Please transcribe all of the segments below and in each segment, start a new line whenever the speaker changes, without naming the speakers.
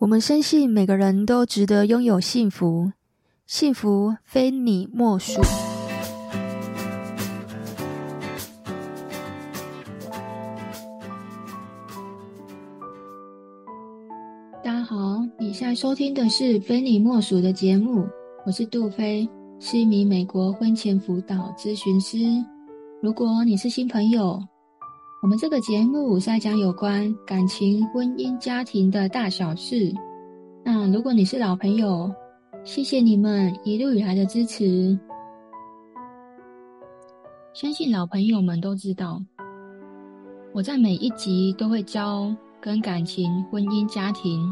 我們深信每個人都值得擁有幸福，幸福非你莫屬。大家好，以下收聽的是《菲妳莫屬》的節目，我是杜飛，是一名美國婚前輔導諮詢師。如果你是新朋友，我們這個節目是在講有關感情、婚姻、家庭的大小事。那如果你是老朋友，謝謝你們一路以來的支持。相信老朋友們都知道，我在每一集都會教跟感情、婚姻、家庭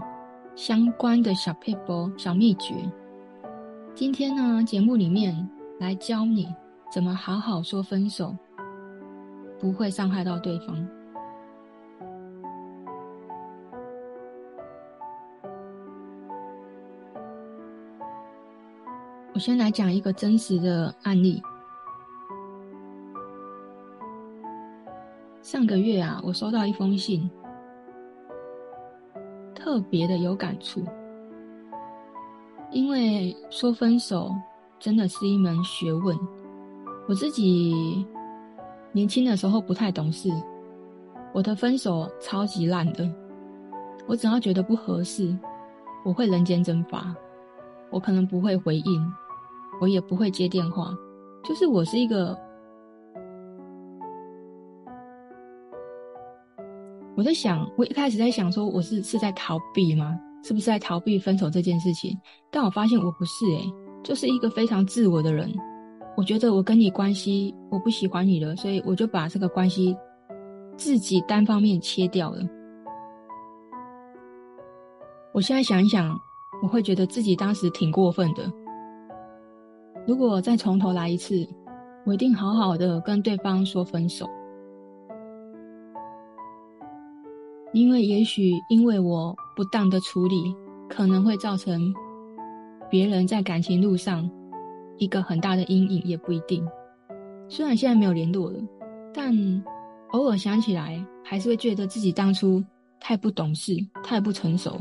相關的小撇步、小祕訣。今天呢，節目裡面來教你怎麼好好說分手，不會傷害到對方。我先來講一個真實的案例。上個月啊，我收到一封信，特別的有感觸，因為說分手真的是一門學問，我自己。年輕的時候不太懂事，我的分手超級爛的。我只要覺得不合適，我會人間蒸發。我可能不會回應，我也不會接電話。就是我是一個，我在想，我一開始在想說我是是在逃避嗎？是不是在逃避分手這件事情？但我發現我不是，欸，哎，就是一個非常自我的人。我覺得我跟你關係，我不喜歡你了，所以我就把這個關係自己單方面切掉了。我現在想一想，我會覺得自己當時挺過分的。如果再從頭來一次，我一定好好的跟對方說分手。因為也許因為我不當的處理，可能會造成別人在感情路上，一個很大的陰影也不一定。雖然現在沒有聯絡了，但偶爾想起來，還是會覺得自己當初太不懂事，太不成熟。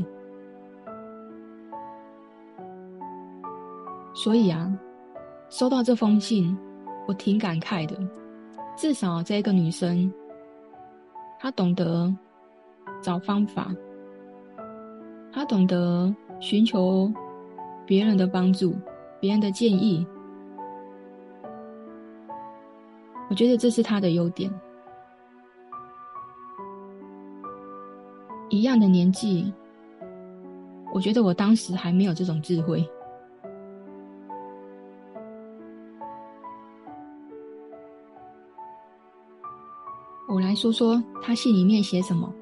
所以啊，收到這封信，我挺感慨的。至少這個女生，她懂得找方法，她懂得尋求別人的幫助。別人的建議，我覺得這是他的優點。一樣的年紀，我覺得我當時還沒有這種智慧。我來說說他信裡面寫什麼。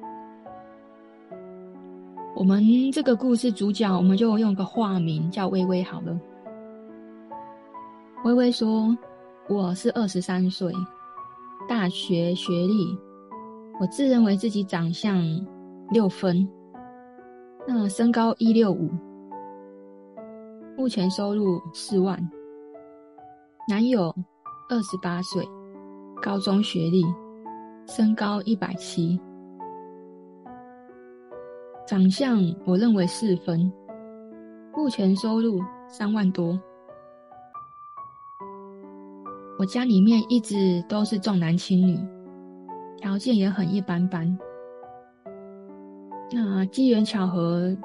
我們這個故事主角，我們就用個化名叫微微好了。微微說：“我是二十三歲，大學學歷。我自認為自己長相六分，那我身高一六五，目前收入四萬。男友二十八歲，高中學歷，身高一百七，長相我認為四分，目前收入三萬多。”我家裡面一直都是重男輕女，條件也很一般般。那機緣巧合，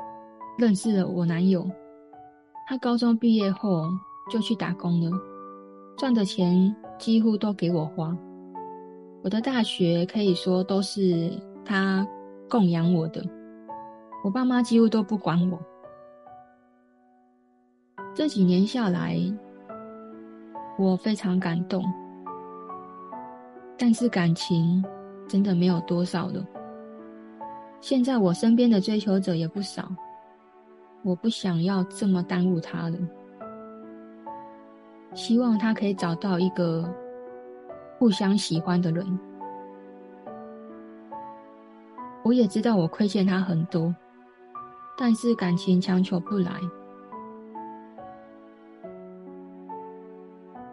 認識了我男友。他高中畢業後就去打工了，賺的錢幾乎都給我花。我的大學可以說都是他供養我的，我爸媽幾乎都不管我。這幾年下來。我非常感動，但是感情真的沒有多少了。現在我身邊的追求者也不少，我不想要這麼耽誤他了。希望他可以找到一個互相喜歡的人。我也知道我虧欠他很多，但是感情強求不來。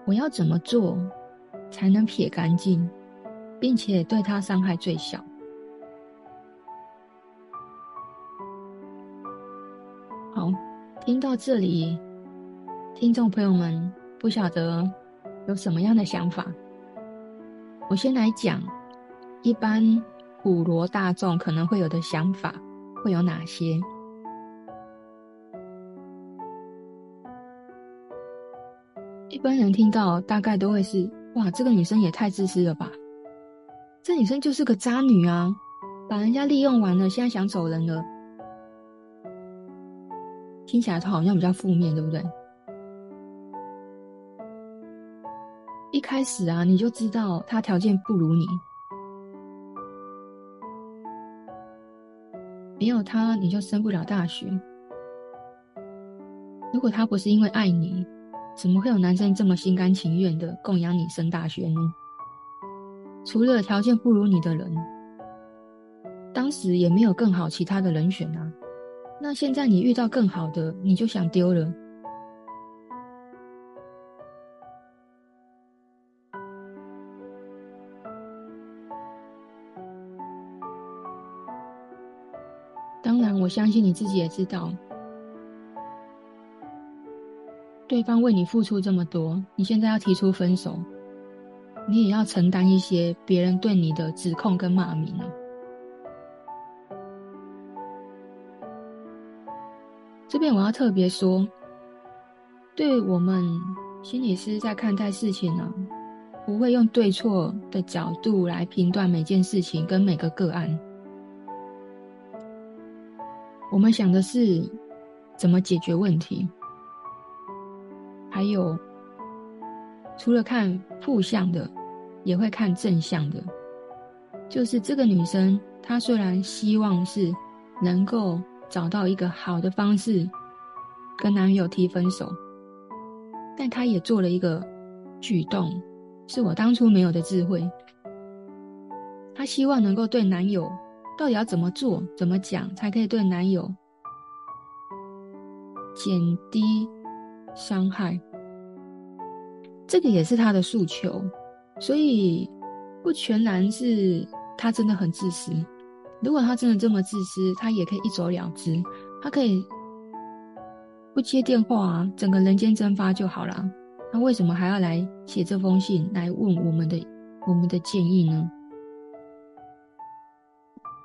我要怎麼做，才能撇乾淨，並且對他傷害最小？好，聽到這裡，聽眾朋友們不曉得有什麼樣的想法。我先來講，一般普羅大眾可能會有的想法會有哪些？一般人聽到大概都會是：哇，這個女生也太自私了吧！這女生就是個渣女啊，把人家利用完了，現在想走人了。聽起來她好像比較負面，對不對？一開始啊，你就知道他條件不如你，沒有他你就升不了大學。如果他不是因為愛你。怎麼會有男生這麼心甘情願的供養你升大學呢？除了條件不如你的人，當時也沒有更好其他的人選啊。那現在你遇到更好的，你就想丟了。當然，我相信你自己也知道。對方為你付出這麼多，你現在要提出分手，你也要承擔一些別人對你的指控跟罵名了。這邊我要特別說，對我們心理師在看待事情呢，不會用對錯的角度來評斷每件事情跟每個個案，我們想的是怎麼解決問題。還有，除了看負向的，也會看正向的。就是這個女生，她雖然希望是能夠找到一個好的方式跟男友提分手，但她也做了一個舉動，是我當初沒有的智慧。她希望能夠對男友，到底要怎麼做、怎麼講，才可以對男友減低傷害。這個也是他的訴求，所以不全然是他真的很自私。如果他真的這麼自私，他也可以一走了之，他可以不接電話，整個人間蒸發就好了。他為什麼還要來寫這封信來問我們的我們的建議呢？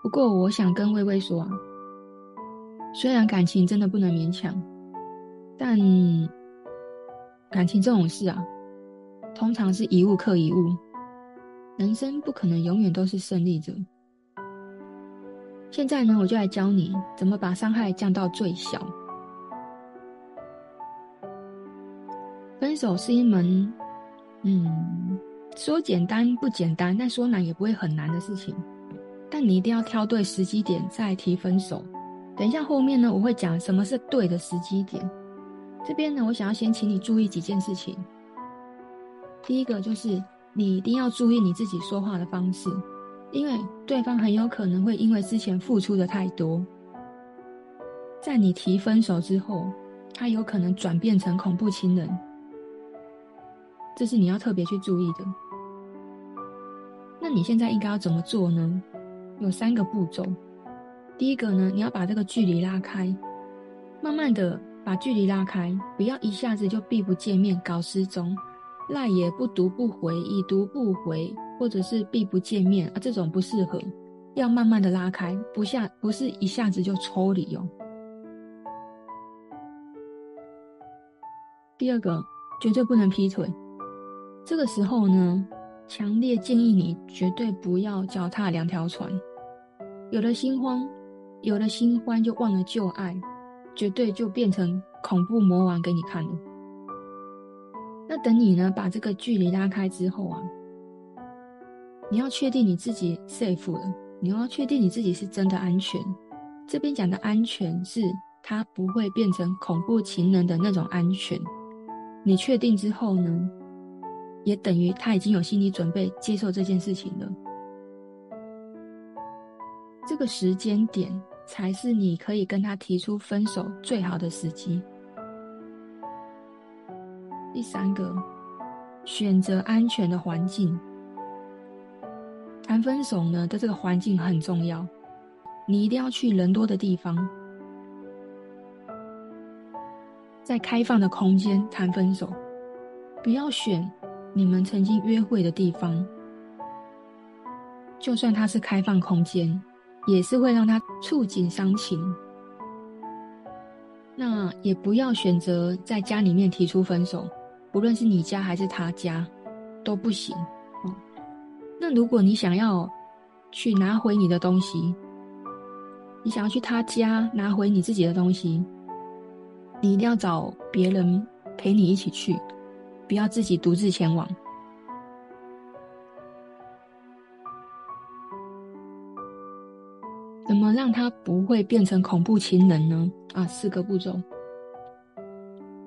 不過我想跟薇薇說啊，雖然感情真的不能勉強，但感情這種事啊。通常是一物克一物，人生不可能永遠都是勝利者。現在呢，我就來教你怎麼把傷害降到最小。分手是一門，嗯，說簡單不簡單，但說難也不會很難的事情。但你一定要挑對時機點再提分手。等一下後面呢，我會講什麼是對的時機點。這邊呢，我想要先請你注意幾件事情。第一個就是你一定要注意你自己說話的方式，因為對方很有可能會因為之前付出的太多，在你提分手之後，他有可能轉變成恐怖情人，這是你要特別去注意的。那你現在應該要怎麼做呢？有三個步驟。第一個呢，你要把這個距離拉開，慢慢的把距離拉開，不要一下子就避不見面，搞失蹤。賴也不讀不回，已讀不回，或者是避不見面啊，這種不適合，要慢慢的拉開，不下不是一下子就抽離哦。第二個，絕對不能劈腿，這個時候呢，強烈建議你絕對不要腳踏兩條船，有了新歡，有了新歡就忘了舊愛，絕對就變成恐怖魔王給你看了。那等你呢把這個距離拉開之後啊，你要確定你自己 safe 了，你要確定你自己是真的安全。這邊講的安全是他不會變成恐怖情人的那種安全。你確定之後呢，也等於他已經有心理準備接受這件事情了。這個時間點才是你可以跟他提出分手最好的時機。第三個，選擇安全的環境談分手呢，在這個環境很重要。你一定要去人多的地方，在開放的空間談分手，不要選你們曾經約會的地方。就算它是開放空間，也是會讓它觸景傷情。那也不要選擇在家裡面提出分手。無論是你家還是他家，都不行。嗯。那如果你想要去拿回你的東西，你想要去他家拿回你自己的東西，你一定要找別人陪你一起去，不要自己獨自前往。怎麼讓他不會變成恐怖情人呢？啊，四個步驟。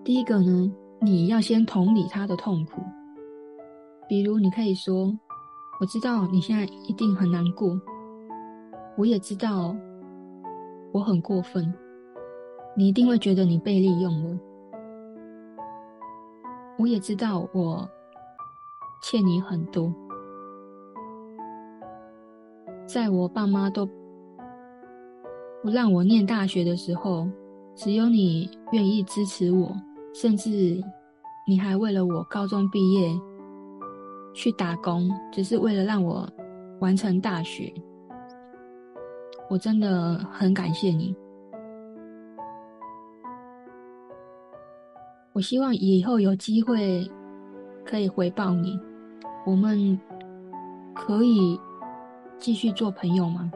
第一個呢？你要先同理他的痛苦，比如你可以說：“我知道你現在一定很難過，我也知道我很過分，你一定會覺得你被利用了。我也知道我欠你很多，在我爸媽都不讓我念大學的時候，只有你願意支持我。”甚至，你還為了我高中畢業去打工，只，就是為了讓我完成大學。我真的很感謝你。我希望以後有機會可以回報你，我們可以繼續做朋友嗎？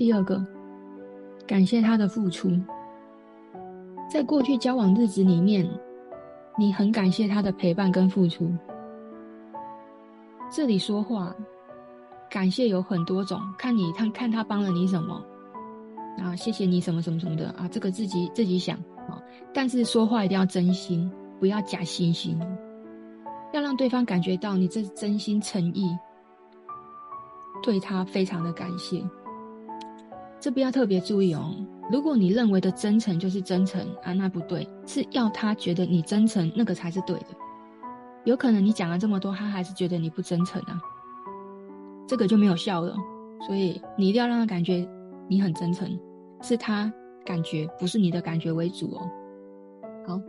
第二個，感謝他的付出。在過去交往日子裡面，你很感謝他的陪伴跟付出。這裡說話，感謝有很多種，看你看看他幫了你什麼，啊，謝謝你什麼什麼什麼的啊，這個自己自己想啊。但是說話一定要真心，不要假惺惺，要讓對方感覺到你這是真心誠意，對他非常的感謝。這邊要特別注意哦，如果你認為的真誠就是真誠啊，那不對，是要他覺得你真誠那個才是對的。有可能你講了這麼多，他還是覺得你不真誠啊，這個就沒有效了。所以你一定要讓他感覺你很真誠，是他感覺，不是你的感覺為主哦。好，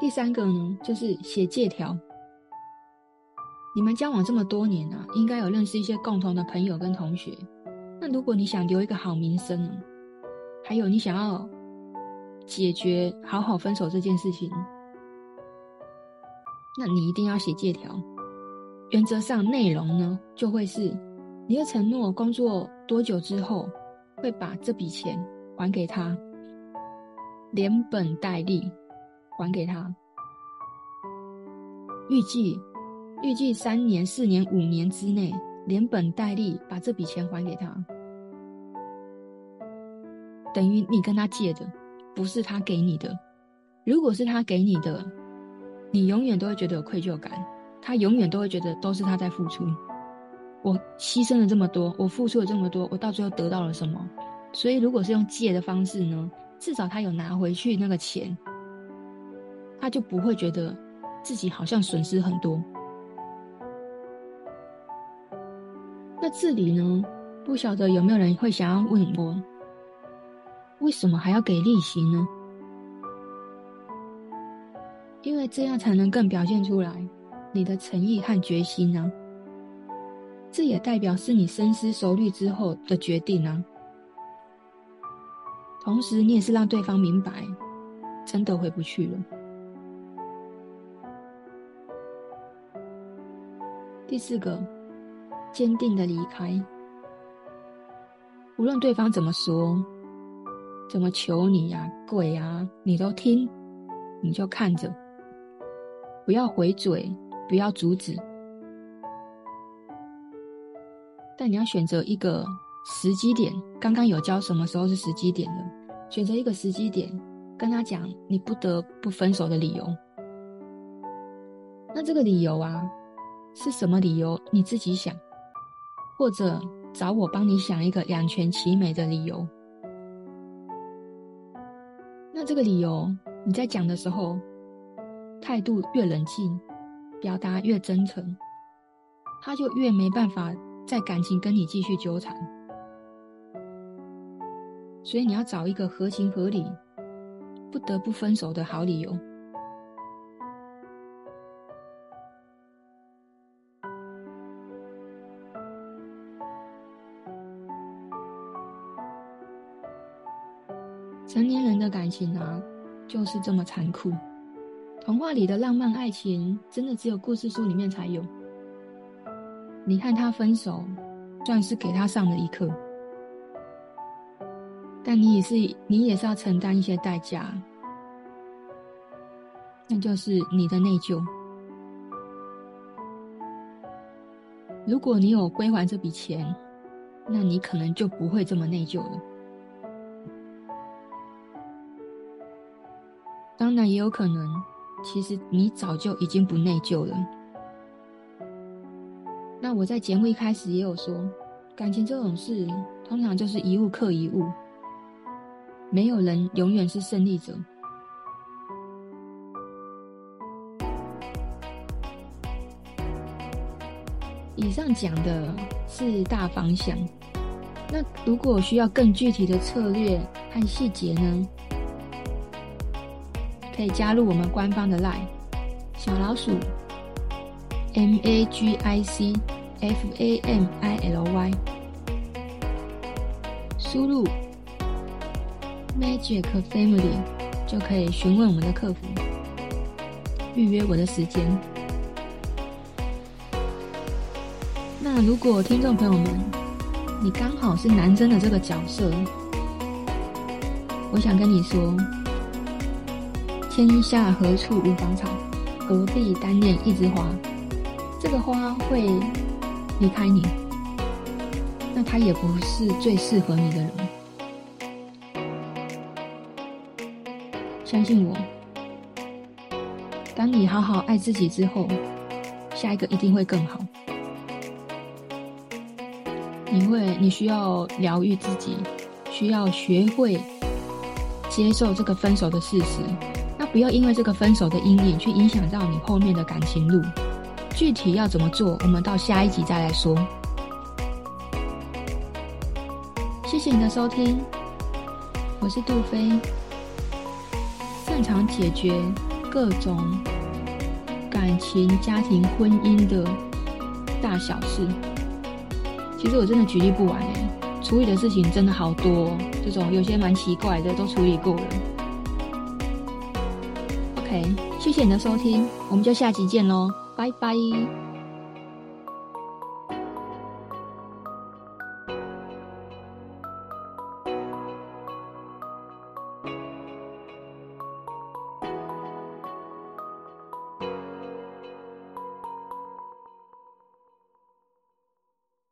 第三個呢，就是寫借條。你們交往這麼多年啊，應該有認識一些共同的朋友跟同學。那如果你想留一個好名聲，還有你想要解決好好分手這件事情，那你一定要寫借條。原則上內容呢，就會是你要承諾：工作多久之後會把這筆錢還給他，連本帶利還給他。預計預計三年、四年、五年之內。連本帶利把這筆錢還給他，等於你跟他借的，不是他給你的。如果是他給你的，你永遠都會覺得有愧疚感；他永遠都會覺得都是他在付出。我犧牲了這麼多，我付出了這麼多，我到最後得到了什麼？所以，如果是用借的方式呢，至少他有拿回去那個錢，他就不會覺得自己好像損失很多。在這裡呢，不曉得有沒有人會想要問我，為什麼還要給利息呢？因為這樣才能更表現出來你的誠意和決心呢啊。這也代表是你深思熟慮之後的決定啊。同時，你也是讓對方明白，真的回不去了。第四個。堅定的離開，無論對方怎麼說、怎麼求你呀、啊、跪呀、啊，你都聽，你就看着，不要回嘴，不要阻止。但你要選擇一個時機點，剛剛有教什麼時候是時機點的，選擇一個時機點，跟他講你不得不分手的理由。那這個理由啊，是什麼理由？你自己想。或者找我幫你想一個兩全其美的理由。那這個理由你在講的時候，態度越冷靜，表達越真誠，他就越沒辦法在感情跟你繼續糾纏。所以你要找一個合情合理、不得不分手的好理由。感情啊，就是這麼殘酷。童話裡的浪漫愛情，真的只有故事書裡面才有。你和他分手，算是給他上了一課，但你也是，你也是要承擔一些代價，那就是你的內疚。如果你有歸還這筆錢，那你可能就不會這麼內疚了。也有可能，其實你早就已經不內疚了。那我在節目一開始也有說，感情這種事通常就是一物克一物，沒有人永遠是勝利者。以上講的是大方向，那如果需要更具體的策略和細節呢？可以加入我們官方的 Line 小老鼠 MAGIC FAMILY，輸入 Magic Family 就可以詢問我們的客服預約我的時間。那如果聽眾朋友們，你剛好是男生的這個角色，我想跟你說。天下何處無芳草，何必單戀一枝花？這個花會離開你，那它也不是最適合你的人。相信我，當你好好愛自己之後，下一個一定會更好。你會，你需要療癒自己，需要學會接受這個分手的事實。不要因為這個分手的陰影去影響到你後面的感情路。具體要怎麼做，我們到下一集再來說。謝謝你的收聽，我是杜菲，擅長解決各種感情、家庭、婚姻的大小事。其實我真的舉例不完誒、欸、處理的事情真的好多哦，這種有些蠻奇怪的都處理過了。OK，謝謝你的收聽，我們就下集見嘍，拜拜。